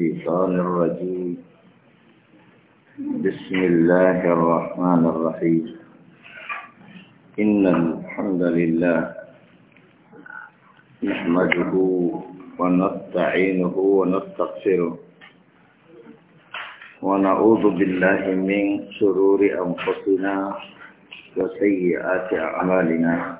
الشيطان الرجيم بسم الله الرحمن الرحيم إن الحمد لله نحمده ونستعينه ونستغفره ونعوذ بالله من شرور أنفسنا وسيئات أعمالنا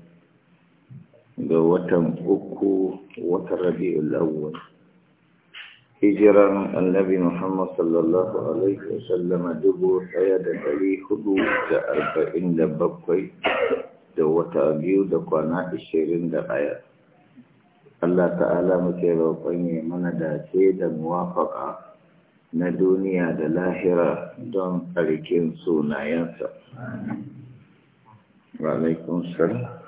ga watan uku watan rabi'ul awwal hijiran annabi Muhammad sallallahu alaihi wasallam dubu daya da dari hudu da arba'in da bakwai da wata biyu da kwana ashirin da ɗaya Allah ta'ala muke roƙon ya mana dace da muwafaka na duniya da lahira don ƙarƙin sunayensa. Wa alaikun salam.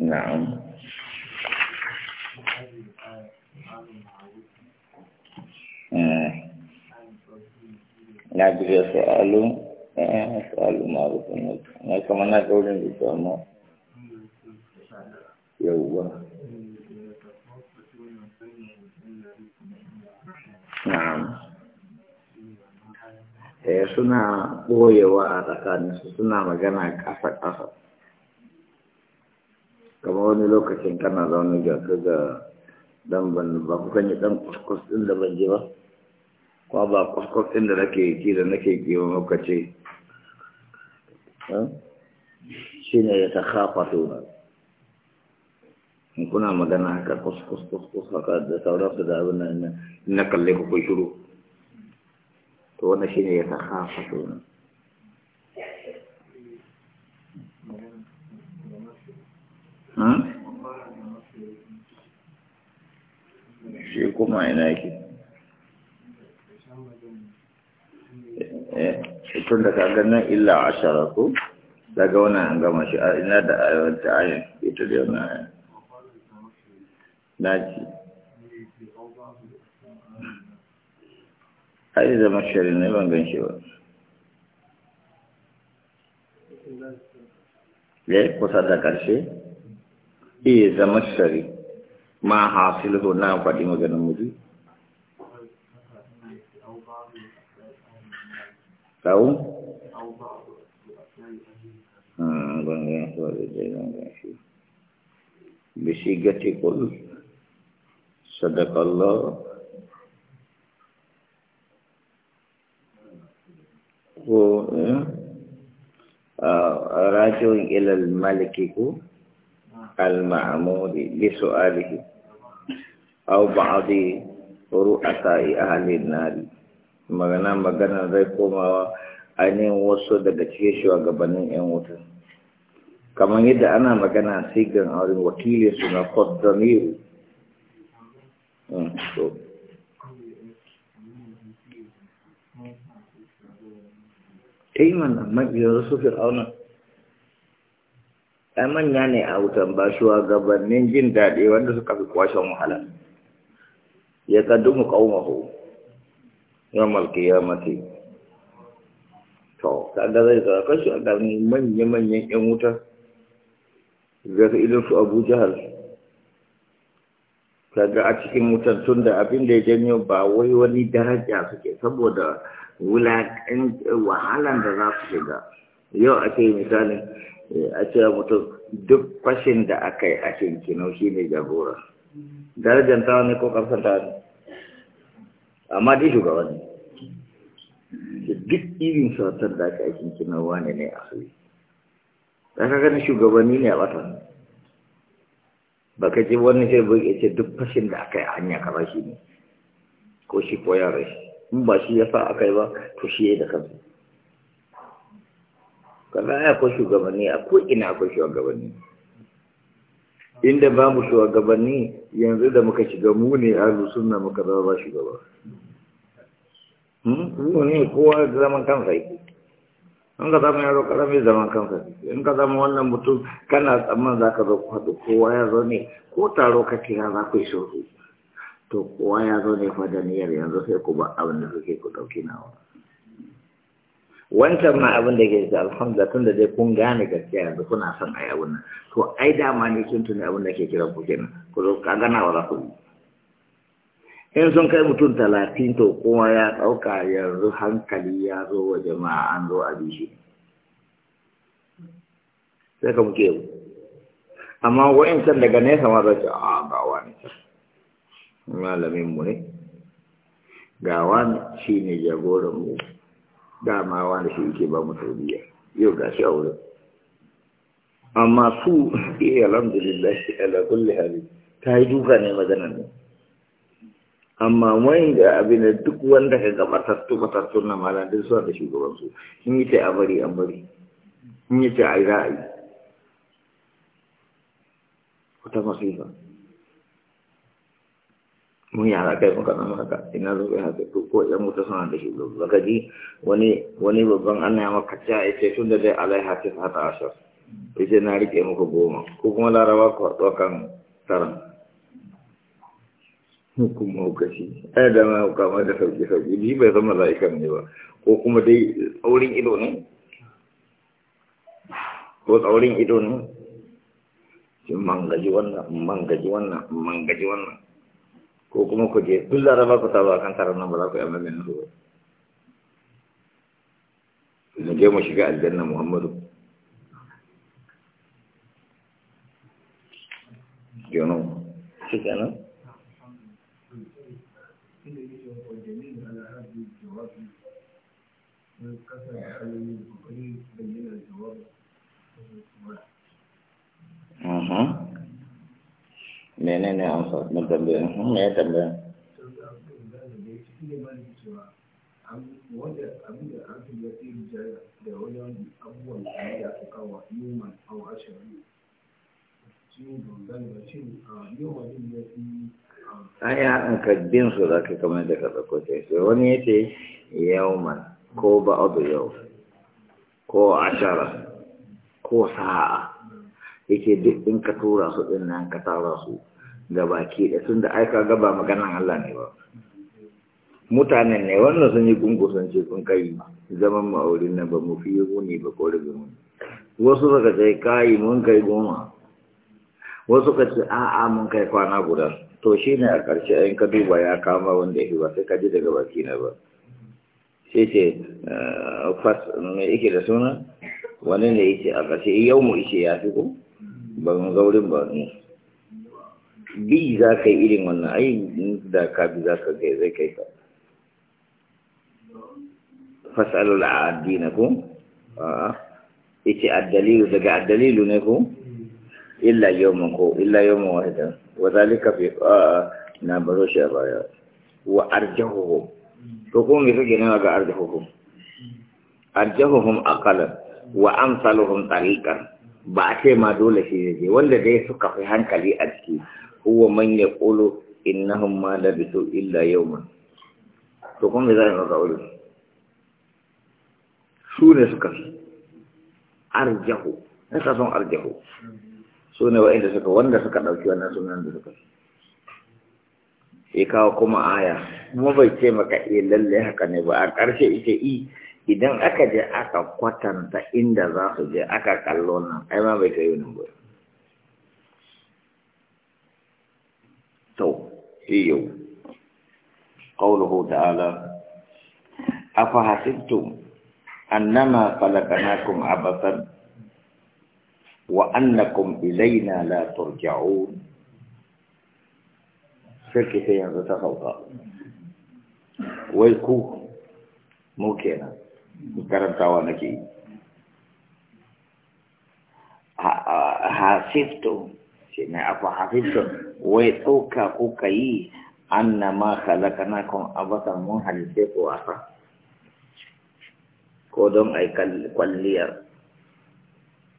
na'am eh. na biyu su'alu eh, su'alu ma'arufin mutu na na kaurin da samu eh, suna ɓoyewa a tsakaninsu suna magana ƙasa-ƙasa kamar wani lokacin kana zaune ga ga dan ban ba ku kan yi dan kuskus din da ban je ba ko ba kuskus din da nake ki da nake yi wa muka ce ne ya ta kafa tuna in kuna magana haka kuskus kuskus haka da sauran su da abin nan na kalle ku ku shiru to wannan ne ya ta kafa tuna kuma ina yake eh, eh, tun da kaga nan illa ashara ko daga wannan an gama shi ina da ayon ta ayon ita da na ayon na ji ai zama mashari ne ban gan shi ba ya eh, kusa da karshe iya zama shari ma hasil na faɗi maganin أو بصيغة قل صدق الله راجع إلى الملك المعمود بسؤاله أو بعض رؤساء أهل النار magana magana zai komawa ainihin wasu daga cikin shugabannin 'yan wuta kamar yadda ana magana sigan auren wakilin su na kwaddamiru mm, ta yi mana magiyar su fi auna. ai manya ne a wutan ba gabanin jin daɗi wanda suka fi kwashen wahala ya kaddu mu ƙaunahu yawmal qiyamati to kaga zai ga kashi a garin manya manyan yan wuta zai idan su Abu Jahal kaga a cikin wutan tunda da abin da ya janyo ba wai wani daraja suke saboda wulakan wahalan da za su shiga yau a ce misali a ce mutum duk fashin da aka yi a kinau shi ne jagora darajantawa ne ko karsantawa ne amma dai shugaba ne da duk irin sautar da aka aikin kina wane ne a hali da aka gani shugabanni ne a watan baka ce wani ce bai ya ce duk fashin da aka yi a hanya kama shi ne ko shi ko yare shi in ba shi ya sa aka yi ba to shi ya da kansu kada ya ko shugabanni a ko ina ko shugabanni inda ba mu shugabanni yanzu da muka shiga mu ne ahlu sunna muka zama ba shugaba hmm? mu ne kowa zaman kansa yake in ka zama yaro karami zaman kansa in ka zama wannan mutum kana tsamman za ka zo kwado kowa ya zo ne ko taro ka kira za ku yi shuru to kowa ya zo ne fa da niyyar yanzu sai ku ba abin da suke ku ɗauki nawa wancan ma abin da ke da alhamdulillah tun da dai kun gane gaskiya yanzu kuna son yi abin nan to ai dama ne sun tuni abin da ke kiran ku kenan ku zo ka gana wa ku in sun kai mutum talatin to kuma ya ɗauka yanzu hankali ya zo wa jama'a an zo a bishi sai ka muke yau amma wa'incan daga nesa ma zai ce ah, a ba wani malamin mu ne ga wani shi ne jagoran mu dama wanda shi yake ba mu tarbiyya yau ga shi a wurin amma su iya eh, alhamdulillah ala kulli hali ta yi duka ne magana ne amma wani da abin da duk wanda ka ga matattu matattu na malandin suna da shugabansu in yi ce a bari an bari in yi ce a yi ra'ayi wata masifa mun yara kai muka nan haka ina zo kai haka to ko ya mutu suna da shi baka ji wani wani babban Allah ya maka ta yace tun da dai alai hafiz hata asha yace na rike muku goma ko kuma laraba ko haɗu kan taran kuma hukashi eh da ma ma da sauki sauki ni bai zama la'ikan ne ba ko kuma dai aurin ido ne ko aurin ido ne mangaji wannan mangaji wannan mangaji wannan ko kuma ku je duk laraba ku taro akan taron nan ba za ku yi amamin su mu je mu shiga aljanna muhammadu yono shi kenan Uh-huh. menene amsa na tambayin me ya tambaya hmm, an yi haɗin kaddin su za ka kamar da ka ɗauko sai wani ya ce yauman ko ba'adu yau ko ashara ko sa'a yake duk in ka tura su ɗin nan ka tara su ga baki da tun da aika gaba maganan Allah ne ba mutanen ne wannan sun yi gungu sun ce sun kai zaman ma'aurin nan ba mu fi yi ne ba ko rubin mu wasu suka ce kai mun kai goma wasu ka ce a'a mun kai kwana guda to shi ne a ƙarshe ayin ka duba ya kama wanda ya ba sai ka ji daga baki na ba sai ce eh, fas mai yake da suna wani ne ya ce a ƙarshe yau mu ishe ya fi ko ba mu gaurin ba ne bi za ka yi irin wannan ai da ka bi za ka gai zai kai ka fasalul adi na ku ita addalilu daga addalilu ne ku illa yawman ko illa yawman wahida wa zalika fi na baro shi a baya wa arjahuhum to kuma me suke nema ga arjahuhum arjahuhum aqalan wa amsaluhum tariqan ba a ce ma dole shi ne wanda dai suka fi hankali a ciki huwa man yaqulu innahum ma labisu illa yawman to kuma me zai maka wurin su ne suka fi arjahu na ka son arjahu su ne wa'inda suka wanda suka ɗauki wannan sunan da suka fi ya kawo kuma aya kuma bai ce maka iya eh, lalle haka ne ba a ƙarshe ita i idan aka je aka kwatanta inda za su je aka kallo nan ai ma bai kai nan ba تو إيو قوله تعالى أفحسبتم أنما خلقناكم عبثا وأنكم إلينا لا ترجعون شركة ينزل تخوضها ويكو ممكن كرم توانكي حاسبتم shi ne Hafif hafifin wai ɗauka ko ka yi an na ma kalakana kun abatan mun halitta ko asa ko don a yi kwalliyar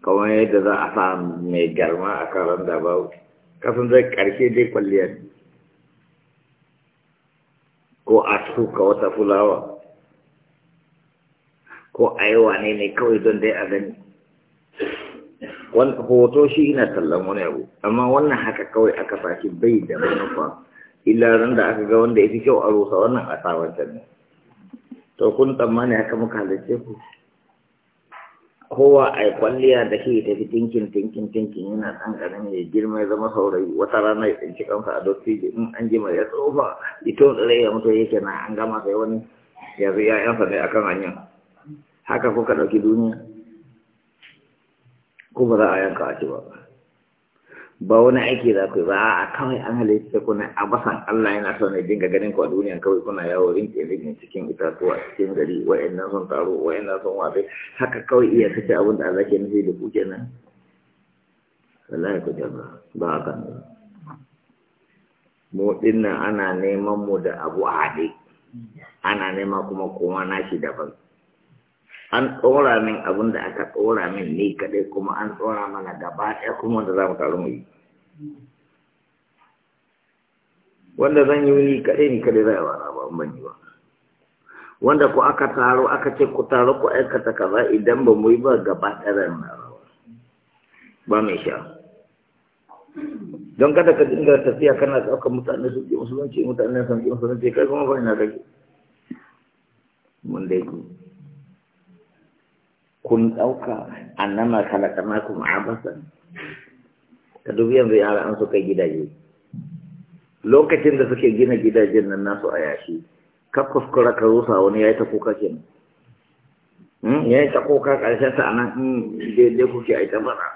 kawai yadda za a sa mai garma a karan da ba kasan zai ƙarshe dai kwalliyar ko a suka wata fulawa ko a yi wane ne kawai don dai a gani hoto shi ina tallan wani abu amma wannan haka kawai aka sashi bai da manufa ran da aka ga wanda ya kyau a rusa wannan a sawancan ne to kun tsammani haka muka halarce ku kowa a kwalliya da ke ta fi tinkin tinkin tinkin yana ɗan ƙarami ya girma ya zama saurayi wata rana ya tsinci kansa a dotti in an ji mai ya tsofa ito tsire ya mutu yake na an gama sai wani yanzu ya yansa ne akan hanya haka kuka ɗauki duniya ko ba za a yanka a ce ba ba wani aiki za ku yi ba a kawai an halitta kuna a basan Allah yana son ya dinga ganin ku a duniya kawai kuna yawo rinke rinke cikin itatuwa cikin gari wa'annan sun taro wa'annan sun wabe haka kawai iya kace abin da Allah ke nufi da ku kenan wallahi ku jaba ba a ne mu dinnan ana neman mu da abu a haɗe ana nema kuma kowa nashi daban an tsora min abin da aka tsora min ni kaɗai kuma an tsora mana gaba ɗaya kuma da za mu taru mu yi wanda zan yi wuni kaɗai ni kaɗai za a wara ba ban yi ba wanda ku aka taro aka ce ku taro ku aikata kaza idan ba mu yi ba gaba ɗaya na mu ba mai sha don kada ka dinga tafiya kana ɗaukar mutane su ke musulunci mutane sun ke musulunci kai kuma ba ina kake mun dai ku kun ɗauka annama khalaqnakum abasan ka dubi yanzu yara an suka gidaje lokacin da suke gina gidajen nan nasu a yashi ka kuskura ka rusa wani yi ta kuka kenan hmm, ya yi ta koka ƙarshen ta nan in hmm, daidai kuke a ita fara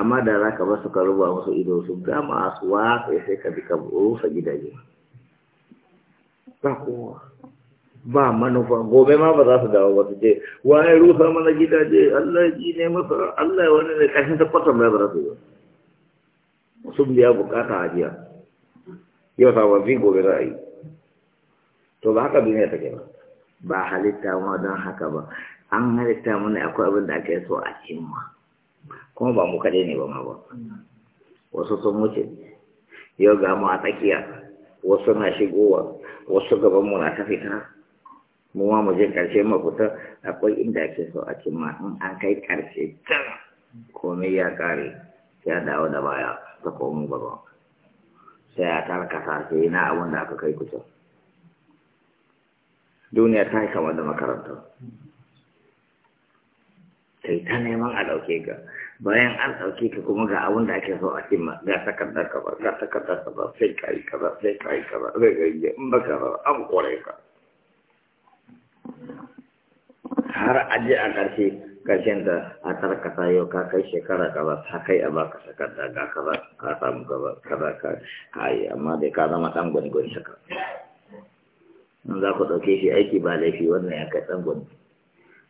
amma da za ka ba su ka ruba musu ido su gama su watsa sai ka bi ka rusa gidaje ba kowa ba manufa gobe ma ba za su dawo ba su wa ya rusa mana gidaje Allah ji ne masa Allah wani ne kashin tabbatar mai ba za su yi sun biya bukata a jiya yau sababbi gobe za a yi to ba haka duniya take ba ba halitta ma don haka ba an halitta mana akwai abin da ake so a cimma kuma ba mu kaɗai ne ba ma ba wasu sun wuce yau ga mu a tsakiya wasu na shigowa wasu gaban mu na ta fita mu ma mu je ƙarshe mu fita akwai inda ake so a ce ma in an kai ƙarshe can komai ya ƙare ya dawo da baya ta komo gaba sai a karkata sai na abin da aka kai kusa duniya ta yi kama da makaranta Sai ta neman a ɗauke ka bayan an ɗauke ka kuma ga abin da ake so a cimma ga takardar ka ba ga takardar ka ba sai ka yi kaza sai ka yi kaza zai gaje in ba ka ba an kore ka har aje a ƙarshe ƙarshen da a tarkata yau ka kai shekara kaza ta kai a baka sakarda ga kaza ka samu gaba kaza ka kai amma dai ka zama ɗan gwangwani haka in za ku ɗauke shi aiki ba laifi wannan ya kai ɗan gwani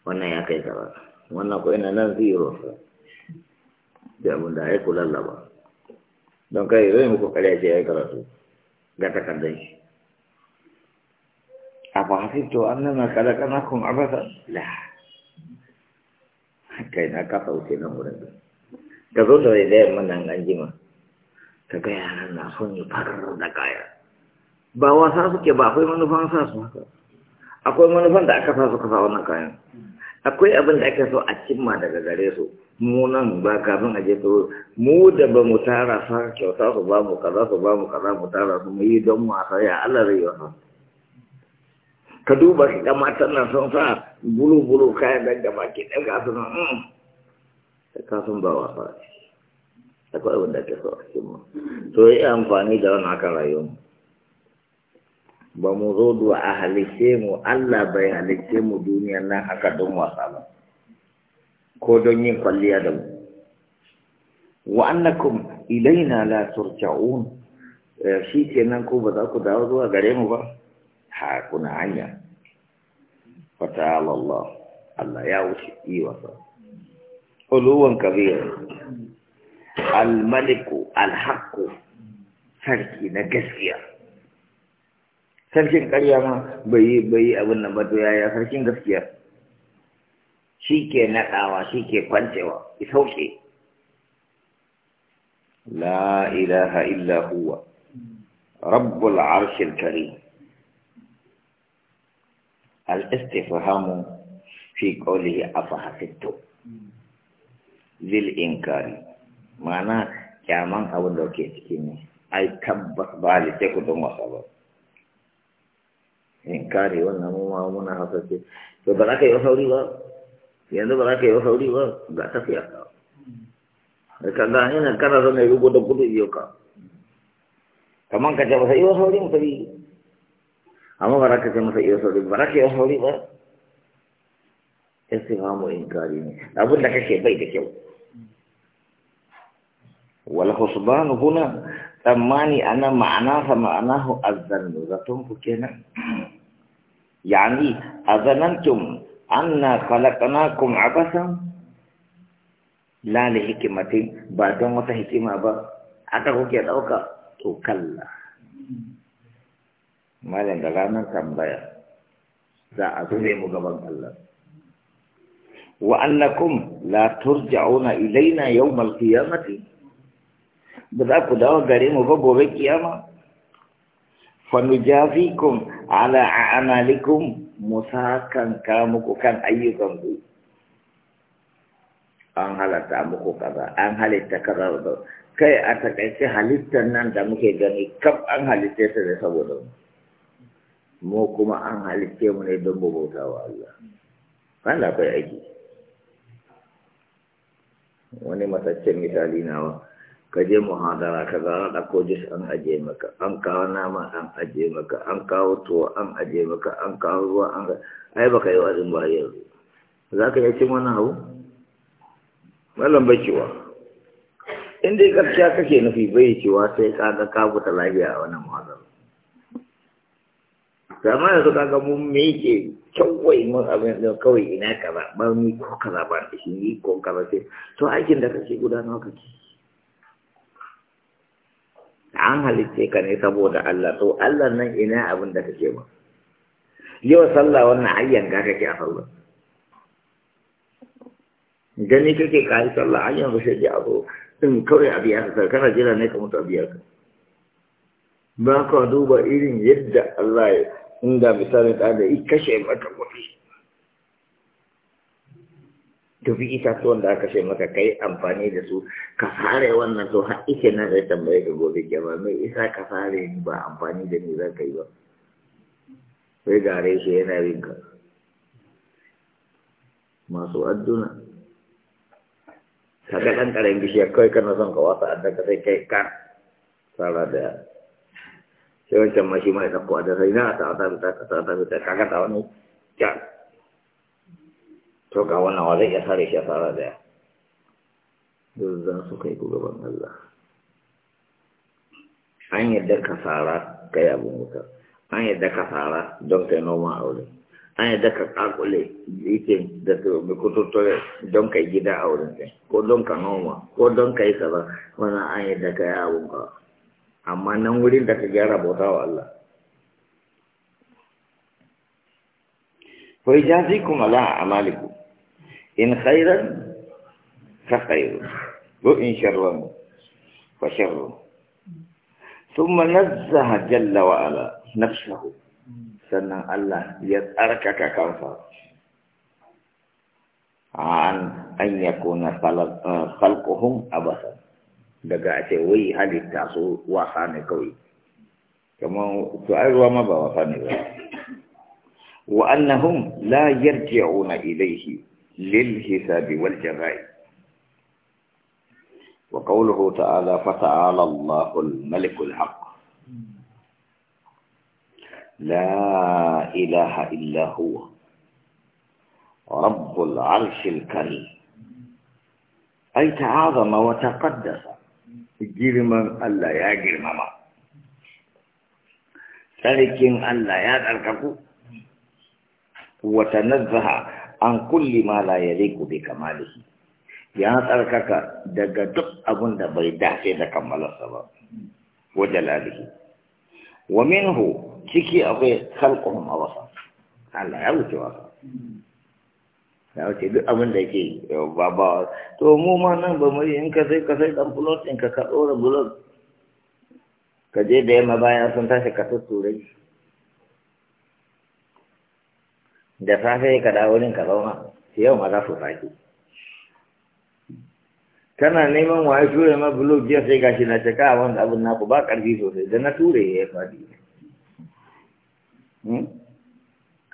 wannan ya kai kaza wannan ko ina nan zero da abin da ya kula lallaba don kai zai muku ƙarya ce ya yi karatu ga takardar shi أفحسبت أننا خلقناكم عبثا لا kaina ka sauke nan wurin ka zo da zai mana an jima ka ga yaran na son yi farar da kaya ba wasa suke ba akwai manufan sa su haka akwai manufan da aka sa su kasa wannan kayan akwai abin da ake so a cimma daga gare su mu nan ba kafin a je su mu da ba mu tara sa kyauta su ba mu kaza su ba mu kaza mu tara su mu yi don mu a ya Allah zai yi wasan ka duba ga matan nan sun sa bulu-bulu kayan dan gaba ke ɗaga su nan mm. Ka sun ba wasa akwai abin da ke so a cikin mu to yi amfani da wani haka rayu. ba mu zo duwa a halice mu Allah bai halice mu duniyar nan haka don wasa ba ko don yin kwalliya da mu wa annakum ilaina la turja'un eh, shi kenan ko ba za ku dawo zuwa gare mu ba hakuna hanya fata'ala Allah Allah ya wuce iwasa uluwan kabir al-maliku al-haqqu sarki na gaskiya sarkin ƙarya ma bai bai abin nan ba to yaya sarkin gaskiya shi ke naɗawa shi ke kwancewa isauke la ilaha illa huwa rabbul arshil karim الاستفهام في قوله أفحسبتم lil inkari mana kyaman abin da ke ciki ne ai tabbas ba da sai ku don wasa ba inkari wannan mu ma muna haka ce to ba za ka yi sauri ba yanzu ba za ka yi sauri ba ga tafiya ka da ka ga ina kana zama yi rubuta gudu iyo ka kaman ka ce ba sai yi sauri mu amma ba za ka ce masa iya sauri ba za ka iya sauri ba istimamu inkari ne abin da kake bai da kyau Wala husban huna tsammani ana ma'ana sa ma'anahu azzannu zaton ku kenan yani azanantum anna khalaqnakum abasan la li hikmatin ba don wata hikima ba haka kuke dauka to kalla malam da ranar tambaya za a zure mu gaban Allah wa annakum la turja'una ilaina yawmal qiyamati ba za ku dawo gare mu ba gobe kiyama fa nujazikum ala a'malikum musakan ka muku kan ayyukan ku an halatta muku kaza an halitta kaza kai a takaice halittar nan da muke gani kaf an halitta ta da saboda mu mu kuma an halitte mu ne don bauta wa Allah da kai aiki wani mataccen misali nawa ka je muhadara ka zara da kojis an aje maka an kawo nama an aje maka an kawo tuwo an aje maka an kawo ruwa an ai baka yi wazin ba yanzu za ka yi cin wani hau malam bai ciwa in dai gaskiya kake nufi bai ciwa sai ka ga ka buta lafiya wannan zama da suka ga mun meke kyawai mun abin da kawai ina kaza ba ni ko kaza ba shi ni ko kaza ce to aikin da kake ka kake an halitte ka ne saboda Allah to Allah nan ina abin da kake ba yau sallah wannan ayyan ga kake a sallah gani kake kai sallah ayyan ba shi a zo din kawai a biya ka kana jira ne ka mutu a biya ka ba ka duba irin yadda Allah ya inda misali da yi kashe maka kuɗi ita itatuwan da aka kashe maka kai amfani da su ka fare wannan to har ike nan zai tambaye ka gobe kyama mai isa ka fare ni ba amfani da ni za ka yi ba sai gare shi yana yin ka masu adduna kaga ɗan ƙaramin bishiyar kawai kana son ka wasa addaka sai kai ka tsara da sai wancan ma shi ma ya ɗauko a da sai na ta ta ta ta ta ta kaga ta wani ja to ga wannan wa zai iya sare shi a tsara daya duk za su kai ku gaban Allah an yadda ka tsara kai abin an yadda ka tsara don kai noma a wurin an yadda ka kakule ikin da turbi kututtore don gida a ko don ka noma ko don kai kaza wannan an yadda ka yi amma nan wurin da ka gyara bauta wa Allah wai jazi kuma la amaliku in khairan ka khairu wa in sharran fa sharru thumma nazzaha jalla wa ala nafsuhu sannan Allah ya tsarkaka kansa an an yakuna khalquhum abasan daga a ce wai halitta su wasa ne kawai kamar to ai ruwa ma ba wasa ne ba wa annahum la yarji'una ilayhi lil hisabi wal jazai wa qawluhu ta'ala fa ta'ala Allahu al malik al haqq la ilaha illa huwa رب العرش الكريم أي ta'azama وتقدس girman Allah ya girmama sarkin Allah ya tsarkaku wata nazzaha an kulli ma la kama da kamalihi ya tsarkaka daga duk abin da bai dace da kammalarsa ba wajen lalihi. wa minhu ciki akwai a wasa, Allah ya wuce wasa ya wuce duk abin da yake ba to mu ma nan ba mu in ka sai ka sai dan bulot in ka ka dora bulot ka je da yamma bayan sun tashi ka tutture da safe ka dawo wurin ka zauna yau ma za su sake kana neman waye ture ma bulog jiya sai gashi na ce, ka wanda abin naku ba ƙarfi sosai da na ture ya faɗi hmm?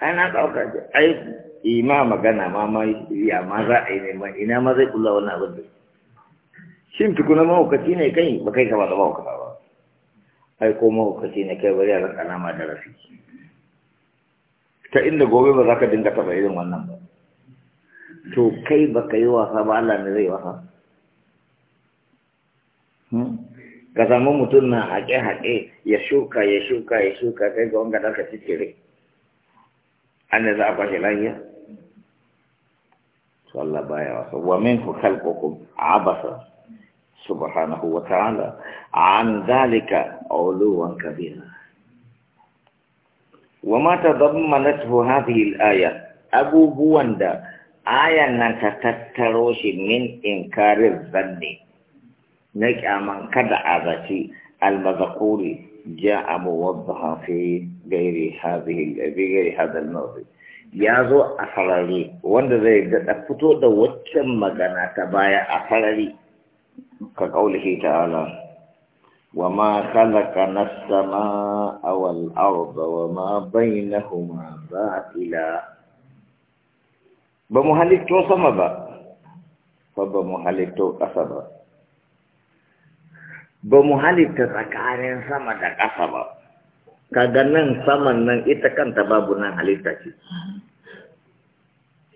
ai na ɗauka ai ima eh, magana ma ma ya ma za a yi neman ina ma zai kula wannan abin da shin tukuna mahaukaci ne kai ba kai ka ba da mahaukata ba ai ko mahaukaci ne kai bari a ranka nama da rafi ta inda gobe ba za ka dinga taɓa irin wannan ba to kai ba ka yi wasa ba Allah ne zai wasa hmm? ka samu mutum na haƙe-haƙe ya shuka ya shuka ya shuka kai ga wanga ɗarka cikin rai an da za a kwashe lafiya صلى بايع ومنه خلقكم عبثا سبحانه وتعالى عن ذلك علوا كبيرا وما تضمنته هذه الآية أبو بواندا آية نتتتروش من إنكار الظن نجع من كدع ذاتي المذكور جاء موضحا في غير هذه بغير هذا الموضوع ya zo a farare wanda zai daɗa fito da waccan magana ta baya a farare ka ƙaunashi ta'ala wa ma khalaqa as-samaa'a wal arda wa ma na ba'ila ba mu halitto sama ba fa ba mu halitto ƙasa ba ba mu halitta tsakanin sama da ƙasa ba kaga saman nan ita kanta babu nan halitta ce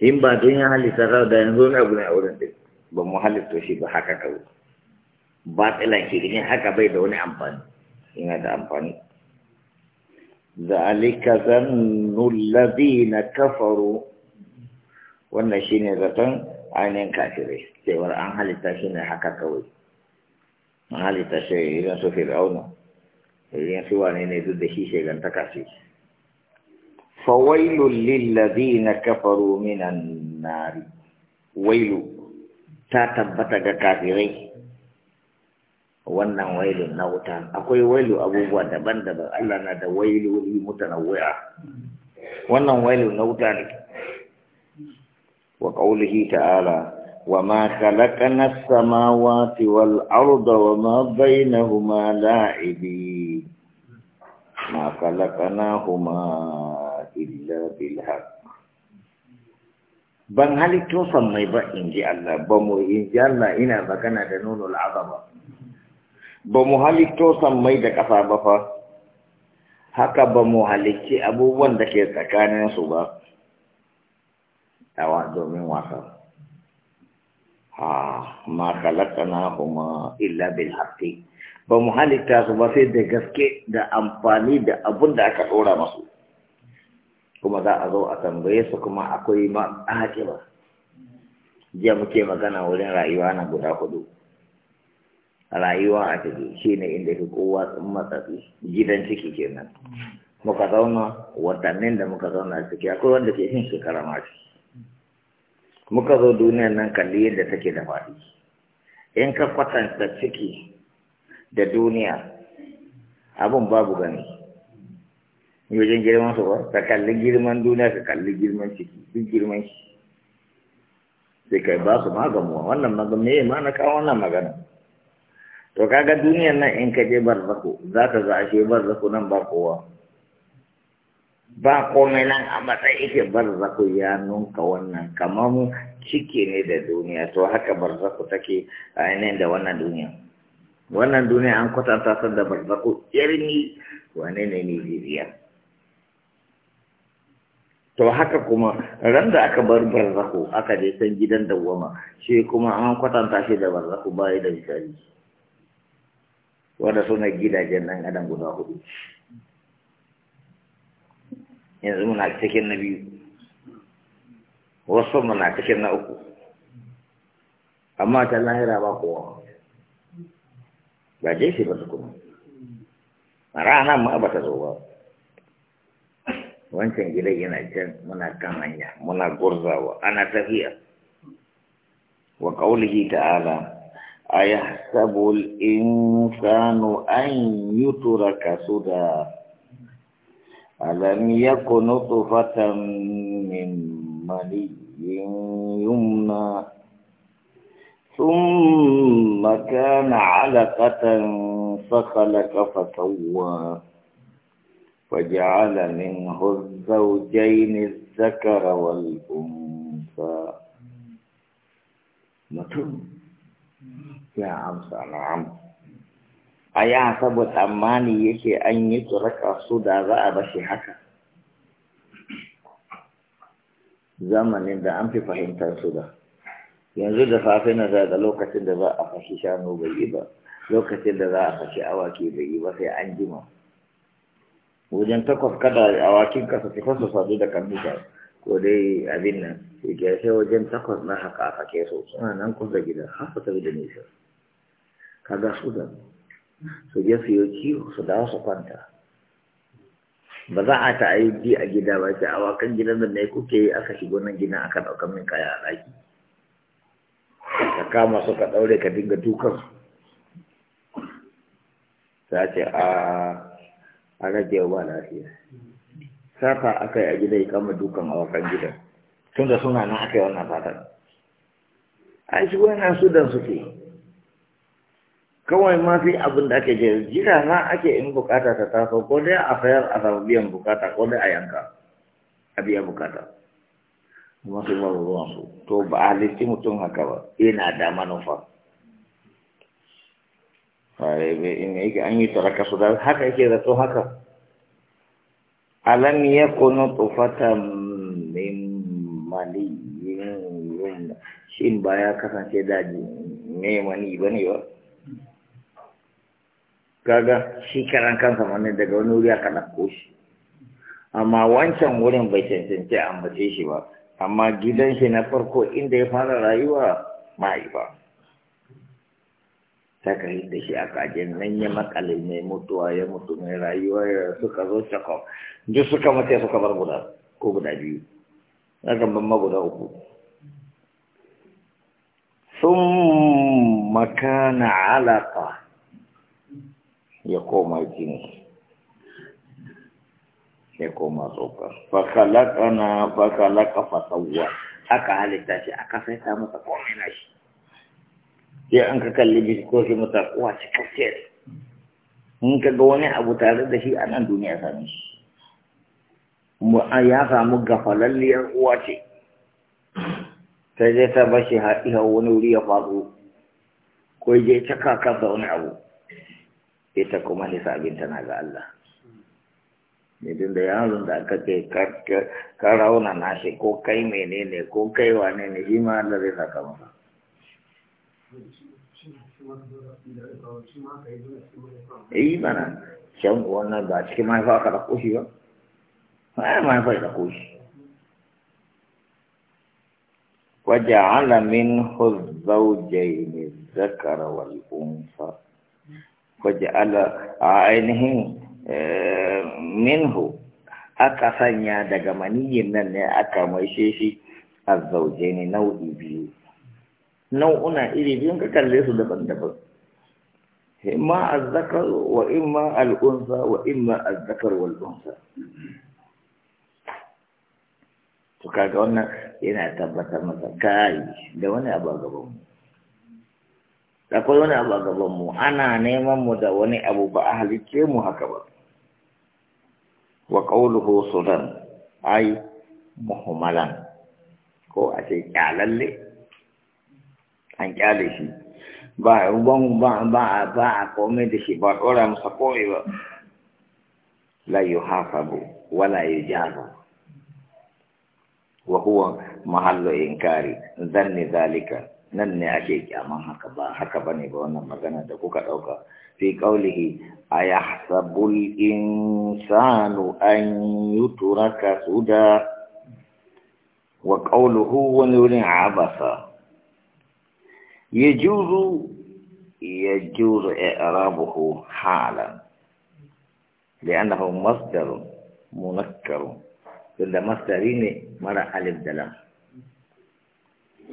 in ba don ya halitta ta da yanzu na abu ne a wurin ɗin ba mu halitta shi ba haka kawai ba tsilan shi ne haka bai da wani amfani yana da amfani zalika zannu alladhina kafaru wannan shine zaton ainihin kafirai cewar an halitta shi ne haka kawai an halitta shi irin su fir'auna yayin su wane ne duk da shi kashe shegantaka ce lillazi na kafaru minan nari wailu ta tabbata ga kafirai wannan wailu na wuta akwai wailu abubuwa daban-daban Allah na da wailu mutanawwi'a wannan wailu na wuta ne wa qaulihi ta'ala وما خلقنا السماوات والأرض وما بينهما لاعبين ما خلقناهما إلا بالحق بنغالي توصل ميبا إنجي الله بمو إنجي الله إنا بكنا دنون العظم بمو هالي توصل ميدا كفابا haka ba mu halicci abubuwan da ke tsakanin su ba tawa domin ha ma khalaqnahuma illa bil ba mu halitta su ba sai da gaske da amfani da abunda da aka dora masu kuma za a zo a tambaye su kuma akwai ma ba jiya muke magana wurin rayuwa na guda hudu rayuwa a ciki shine inda fi kowa tsin matsatsi gidan ciki kenan muka zauna watannin da muka zauna ciki akwai wanda ke fin shekara ma muka zo duniyar nan kalli yadda take da faɗi in ka kwatanta ciki da duniya abin babu gani wajen girman su ba ka kalli girman duniya ka kalli girman ciki duk girman shi sai kai ba su magamuwa wannan maganin me ma na kawo wannan magana to kaga duniyar nan in ka je barzako za ka za a bar barzako nan ba kowa ba komai nan a matsayi ke barzaku ya nunka wannan kamar ciki ne da duniya to haka barzaku take a yanayin da wannan duniya wannan duniya an kwatanta ta da barzaku irini wane ne nigeria to haka kuma ran da aka bar barzaku aka je san gidan dawwama shi kuma an kwatanta shi da barzaku bayi da misali wanda suna gidajen nan adam guda hudu yanzu muna cikin na biyu wasu muna cikin na uku amma ta lahira ba kowa ba je shi ba su kuma rana ma ba ta zo ba wancan gidan yana can muna kan hanya muna gurzawa ana tafiya wa qaulihi ta'ala a ayahsabu al-insanu an yi yutraka suda ألم يكن نطفة من ملي يمنى ثم كان علقة فخلق فسوى فجعل منه الزوجين الذكر والأنثى متم نعم. يا عم صنع عم aya ya saboda yake an yi turaka su da za a bashi haka zamanin da an fi fahimtar su da yanzu da safe na daga lokacin da za a fashi shanu bai yi ba lokacin da za a fashi awaki bai yi ba sai an jima wajen takwas kada awakin kasa su fasa sadu da kamita ko dai abin nan sai sai wajen takwas na haka a fake su suna nan kusa gida har su tafi da nisa kaga su da su je su yi kiwo su dawo su kwanta ba za a ta aiki a gida ba sai a wakan gidan da ku ke yi aka shigo nan gidan aka ɗaukar min kaya a ɗaki ka kama su ka ɗaure ka dinga dukan ta ce a a rage ba lafiya saka aka yi a gida ya kama dukan a wakan gidan tun da suna nan aka yi wannan fatan a shi wannan sudan suke kawai ma sai abin da ake je jira na ake in bukata ta taso ko dai a fayar a samu bukata ko dai a yanka a biya bukata kuma sai ba ruwan su to ba a halitti mutum haka ba yana da manufa in yake an yi taraka su da haka yake zato haka alam yakunu tufatan mani yin shin ba ya kasance daji ne mani ba ne ba Gaga shi karan kansa wani daga wani wuri aka ɗauko shi amma wancan wurin bai cancanci a mace shi ba amma gidan shi na farko inda ya fara rayuwa ba Ta saka da shi aka ajiye nan ya makale mai mutuwa ya mutu mai rayuwa ya suka zo cakon duk suka mace suka bar guda ko guda biyu na gaban guda uku sun makana alaƙa ya koma jini ya koma tsoka fakalakana fakalaka fasawa aka halitta shi aka saita masa komai na shi sai an ka kalli bishi ko shi mata shi cikakkiyar in ka ga wani abu tare da shi a nan duniya sami shi ya samu gafalalliyar uwa ce ta dai ta bashi haɗi wani wuri ya faru ko je caka kansa wani abu ita kuma hisabin tana ga Allah idan da yaron da aka ce ka rauna nashi ko kai menene ko kai wane ne shi ma Allah zai saka masa eh mana shan wannan ba cikin mahaifa aka ɗauko shi ba ai mahaifa ya ɗauko shi وجعل منه الزوجين الذكر والأنثى waj'ala ainihin eh, minhu aka sanya daga maniyin nan ne aka maishe shi azzauje ne nau'i biyu nau'una iri biyun ka kalle su daban-daban imma azzakar wa imma al'unsa wa imma azzakar wal unsa to kaga wannan yana tabbatar masa kai da wani abu a gaban mu akwai wani abu a gabanmu ana neman mu da wani abu ba a halicce mu haka ba wa ƙauluhu sudan ai muhammalan ko a ce ƙyalalle an ƙyale shi ba ruban ba ba ba a komai da shi ba ɗora masa komai ba la bu wala yujaza wa huwa mahallu zan zanni zalika nan ne ake kyaman haka ba haka ba ne ba wannan magana da kuka ɗauka fi ƙaulihi a ya sabul insanu an yi turaka su da wa ƙauluhu wani wurin abasa ya juru ya juru i'rabuhu halan li'annahu masdarun munakkar tunda masdari ne mara alif dalam.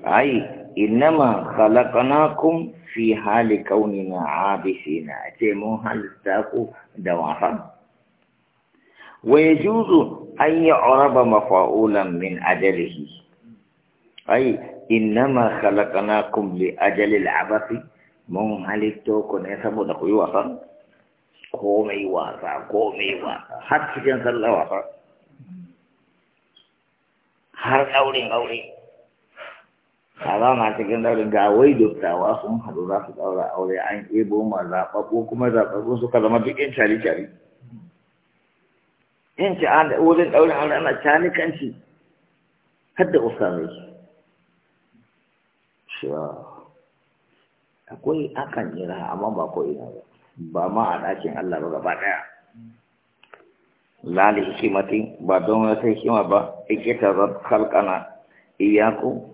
أي إنما خلقناكم في حال كوننا أي أتمو هل تاكو دوارا ويجوز أن يعرب مفعولا من أجله أي إنما خلقناكم لأجل العبث من هل تاكو نسمو دقوي وصل komai wasa komai wasa حتى cikin sallah wasa har ɗaurin a cikin daurin ga wai dottawa sun haɗu za su ɗaura aure an ebo ma zaɓaɓɓu kuma zaɓaɓɓu suka zama duk in cari-cari in ci an wurin ɗaurin aure ana kanci har da usarai akwai akan jira amma ba ko ina ba ba ma a ɗakin Allah ba gaba ɗaya lali hikimatin ba don wata hikima ba ikita zab kalkana iyaku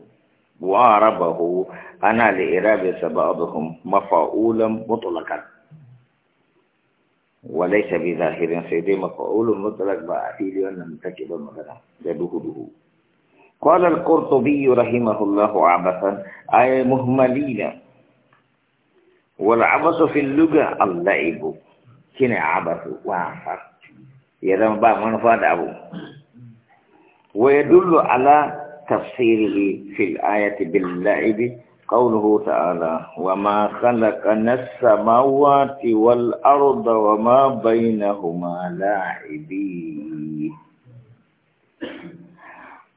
وعربه أنا لإرابة بعضهم مفعولا مطلقا وليس بظاهر سيدي مفعول مطلق بأفيل ونمتكب المغنى جدهده قال القرطبي رحمه الله عبثا أي مهملين والعبث في اللغة اللعب كن عبث وعفر يدام من فاد أبو ويدل على تفسيره في الآية باللعب قوله تعالى وما خلق السماوات والأرض وما بينهما لاعبين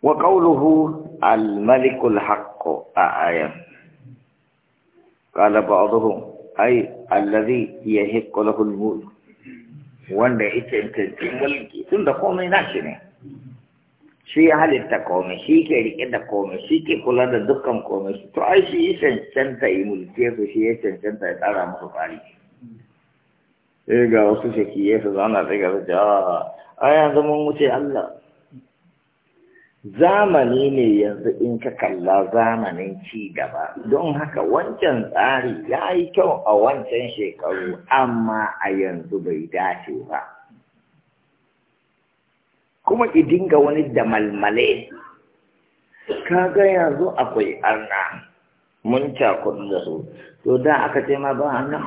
وقوله الملك الحق آه، آية قال بعضهم أي الذي يحق له الملك وأن يتمكن الملك تندقوا من ناشنه shi ya halitta komai shi ke rike da komai shi ke kula da dukkan komai to ai shi ya cancanta yi mulke su shi ya cancanta ya tsara musu tsari sai ga wasu shakiye su zauna sai ga su a ah, yanzu mun wuce Allah zamani ne yanzu in ka kalla zamanin ci gaba don haka wancan tsari ya yi kyau a wancan shekaru amma a yanzu bai dace ba kuma i dinga wani da malmale kaga yanzu akwai arna mun cakudu da su to da aka ce ma ba arna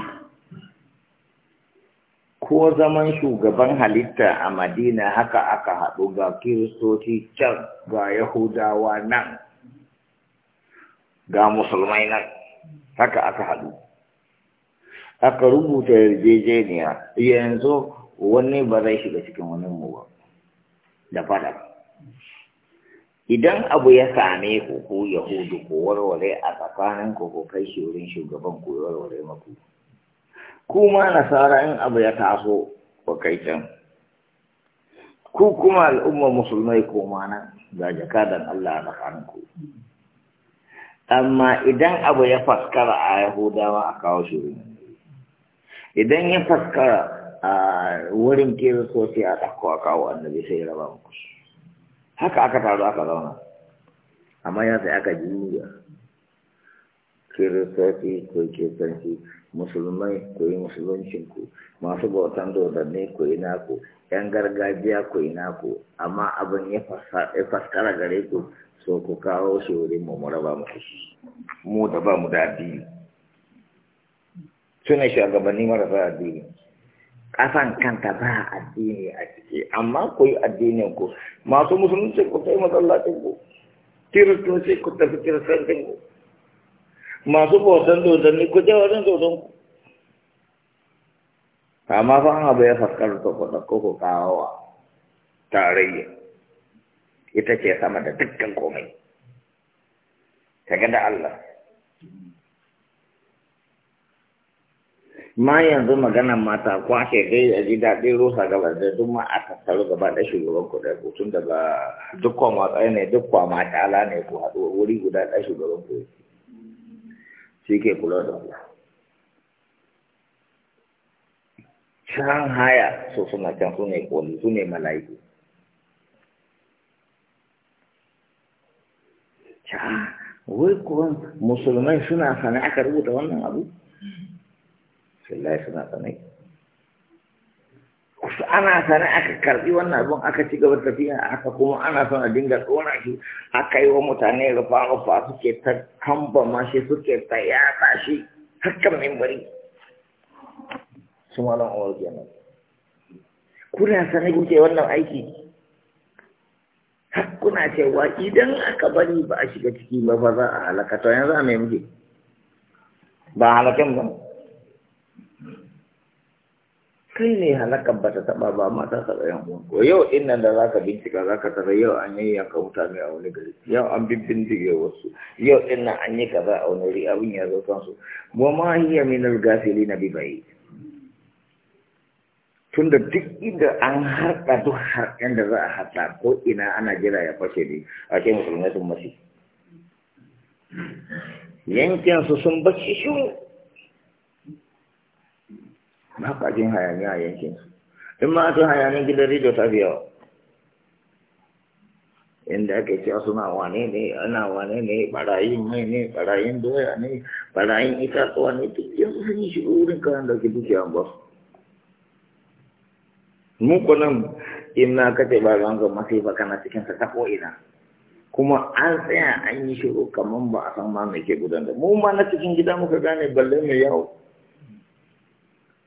ko zaman shugaban halitta a madina haka aka haɗu ga kiristoci can ga yahudawa nan ga musulmai nan haka aka haɗu aka rubuta yarjejeniya yanzu wani ba zai shiga cikin wani mu ba da fada idan abu ya same ku ko yahudu ko warware a tsakanin ku ko kai shi wurin shugaban ku warware maku kuma nasara in abu ya taso ku kai can ku kuma al'ummar musulmai ko mana ga jakadan Allah a tsakanin ku amma idan abu ya faskara a yahudawa a kawo shi wurin idan ya faskara a wurin sai a ɗauko a kawo annabi sai raba muku haka aka taru aka zauna amma ya sai aka juya kiristoci ko kiristanci musulmai ko yi musuluncinku masu bautan dodanni ko yi naku yan gargajiya ko yi naku amma abin ya faskara gare ku so ku kawo shi wurin mu mu raba muku mu da ba mu da addini suna shugabanni marasa addini kafan kanta ba addini a ciki amma ku yi addinin ku masu musulunci ku kai masallacin ku kiristoci ku tafi kiristancin ku masu bautan dozan ku je wajen dodon ku amma fa an abu ya faskar ta ku ɗauko ku kawo tarayya ita ce sama da dukkan komai kaga da Allah ma yanzu magana mata kwashe kai a ji daɗin rusa gaba da duk ma a tattaru gaba da shugaban ku da tun daga dukkan watsa ne dukkan ala ne ku haɗu wuri guda da shugaban ku shi ke kula da Allah can haya so suna can su ne koli su ne mala'iku wai kuwa musulmai suna sana aka rubuta wannan abu sallai suna sanai ana sanar aka karbi wannan abin aka ci gaba tafiya aka kuma ana son a dinga tsora shi aka yi wa mutane rufa rufa suke ta kamba ma shi suke ta yasa shi hakan membari su malam awar kuna sanar kuke wannan aiki kuna cewa idan aka bari ba a shiga ciki ba fa za a halaka to yanzu a mai muke ba halakan ba kai ne halakar ba ta taba ba mata saba yan uwan ko yau din da zaka bincika zaka tara yau an yi yanka mutane a wani gari yau an bibbindige wasu yau din an yi kaza a wani gari abin ya zo kansu wa ma hiya min al-ghafili na bi bai tunda duk inda an harka duk harkan da za a harka ko ina ana jira ya fashe ne a ce musulmai sun mashi yankin su sun bashi shiru ba ka jin hayaniya a yankin su in ma aka hayanin gidan rediyo ta biya. inda ake cewa suna wane ne ana wane ne barayin mai ne barayin doya ne barayin itatuwa ne duk yanzu sun yi shigo wurin kayan da ke dukiya ba mu kunan in na kace ba ruwan ga ba kana cikin sa ta ko'ina kuma an tsaya an yi shiru kamar ba a san ma mai ke gudanar mu ma na cikin gida muka gane balle mai yawo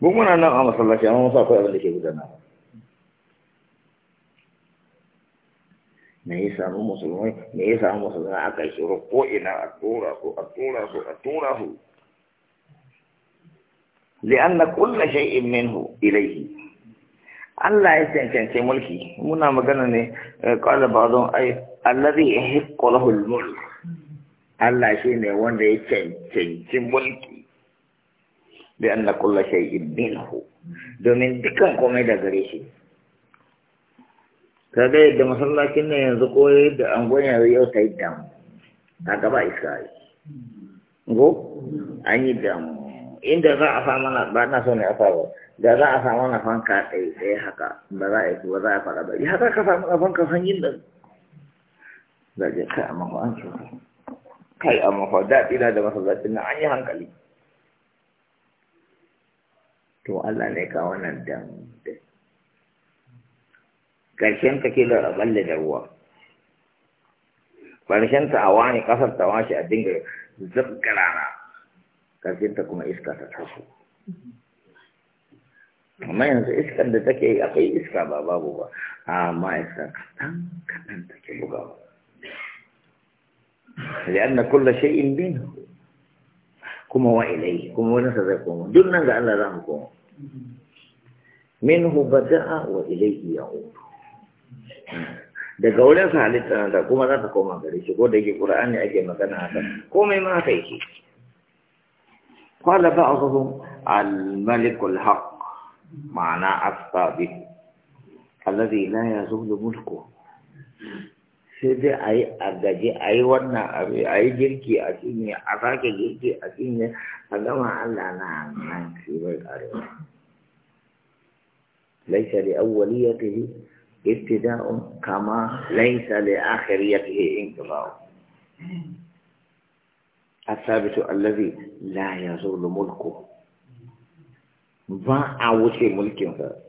mu muna nan a masallaci amma musa akwai abin da ke gudanawa me ya samu musulmai me ya samu musulmai aka yi tsoro ko ina a tura su a tura su a tura su li'anna kullu shay'in minhu ilayhi Allah ya cancanci mulki muna magana ne eh, qala ba'dhum ay allazi ya lahu al-mulk Allah ne wanda ya cancanci mulki bi anna kulla shay'in minhu domin dukkan komai da gare shi kaga yadda masallacin nan yanzu ko da angon yanzu yau ta yi damu ta gaba iska yi go an yi damu inda za a samu na ba na so ne a faru da za a samu na fanka ɗaya ɗaya haka ba za a yi ba za a fara ba haka ka samu na fanka sanyin da za a je kai a mafa an kai a mafa daɗi na da masallacin nan an yi hankali to Allah ne ka wannan damu Karshen ta ke da balle da ruwa Karshen ta awa ne ƙasar ta washe a dinga zabgarana ƙarshen ta kuma iska ta taso amma yanzu iskan da take yi akwai iska ba babu ba amma iska kaɗan kaɗan take bugawa na kulla shay'in minhu kuma wa ilayhi kuma wani sa zai koma duk nan ga Allah za mu koma minhu bada'a wa ilayhi ya'ud daga wurin sa halitta da kuma za ta koma gare shi ko da yake qur'ani ake magana haka komai ma haka yake qala ba'dhum al-malik al-haq ma'ana as-sabiq alladhi la yazulu mulku. sai dai a yi a gaji a yi wannan abu a yi girki a cinye a sake girki a cinye a gama Allah na nan shi bai ba. laisa yi awwaliyatihi ibtida'un kama laisa li akhiriyatihi allazi la ya zo da mulku. ba a wuce mulkinsa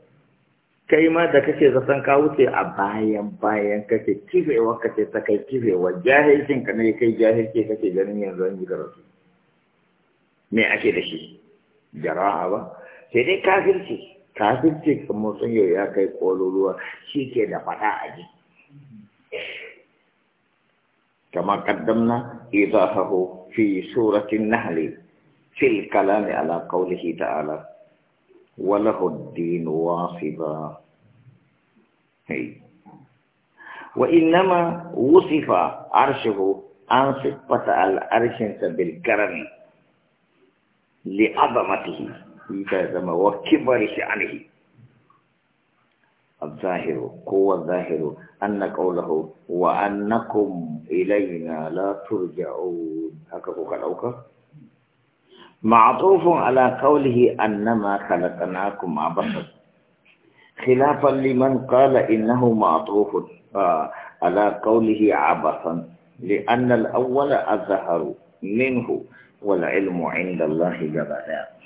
kai ma da kake zaton ka wuce a bayan bayan kake kifewa kace ta kai kifewa jahilcin ka ne kai jahilci kake ganin yanzu an yi karatu me ake da shi jara'a ba sai dai kafirci kafirci kamar sun yau ya kai kololuwa shi ke da fada a ji kama kaddamna hahu, fi suratin nahli fil kalami ala shi ta'ala وله الدين واصبا وإنما وصف عرشه عن صفة العرش بالكرم لعظمته وكبر شأنه الظاهر هو الظاهر أن قوله وأنكم إلينا لا ترجعون هكذا قالوك معطوف على قوله أنما خلقناكم عبثا خلافا لمن قال إنه معطوف آه، على قوله عبثا لأن الأول أظهر منه والعلم عند الله جبلا